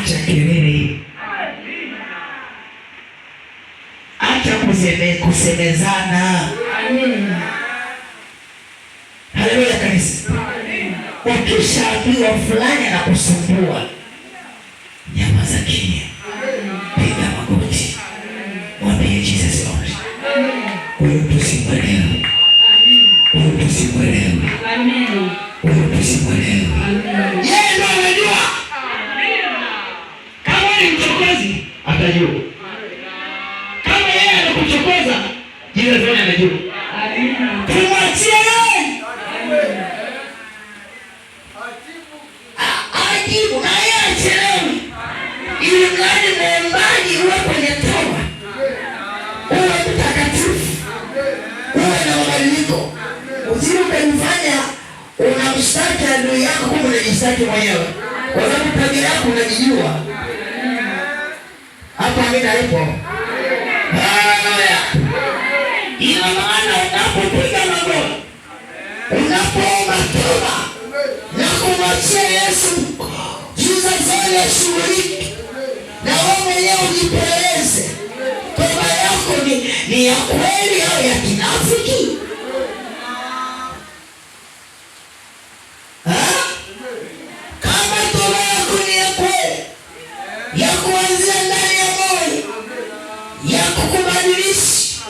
acha kelele, acha kuseme kusemezana. Haleluya kanisa. Ukishaambiwa fulani anakusumbua, nyamaza kimya. kuchokoza, jina la fulani anajua. Tumwachie yeye ah, ajibu, na yeye achelewe, ili mradi mwombaji uwe kwenye toba, uwe mtakatifu, uwe na mabadiliko, usije ukamfanya unamstaki adui yako kumbe unajistaki mwenyewe, kwa sababu tabia yako unajijua. Hapo mimi nalipo paranoia. Ina maana unapopiga magoti, unapoomba toba na kumwachia Yesu, na wewe mwenyewe ujipeleze, toba yako ni, ni ya kweli au ya kinafiki? Kama toba yako ni ya kweli ya kuanzia kukubadilisha.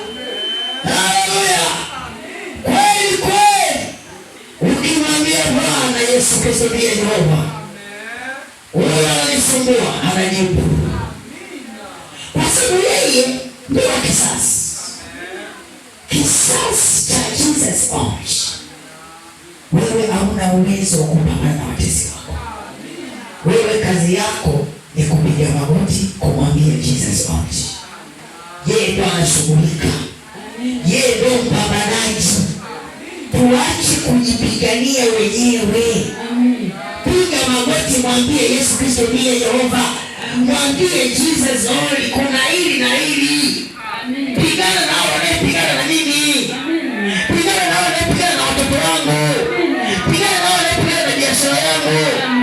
Haleluya, kweli kweli, ukimwambia Bwana Yesu Kristo ndiye Jehova, wewe unanisumbua, anajibu, kwa sababu yeye ndio kisasi kisasi cha Jesus Christ. Wewe hauna uwezo wa kupambana na watesi wako. Wewe kazi yako ni kupiga magoti kumwambia Jesus Christ yeye ndo anashughulika, yeye ndo mpambanaji. Tuache kujipigania wenyewe, piga magoti, mwambie Yesu Kristo ndiye Yehova, mwambie Jesus Lord, oh, kuna hili na hili. Pigana nao wanayepigana na mimi, pigana nao wanayepigana na watoto wangu, pigana nao wanayepigana na biashara yangu.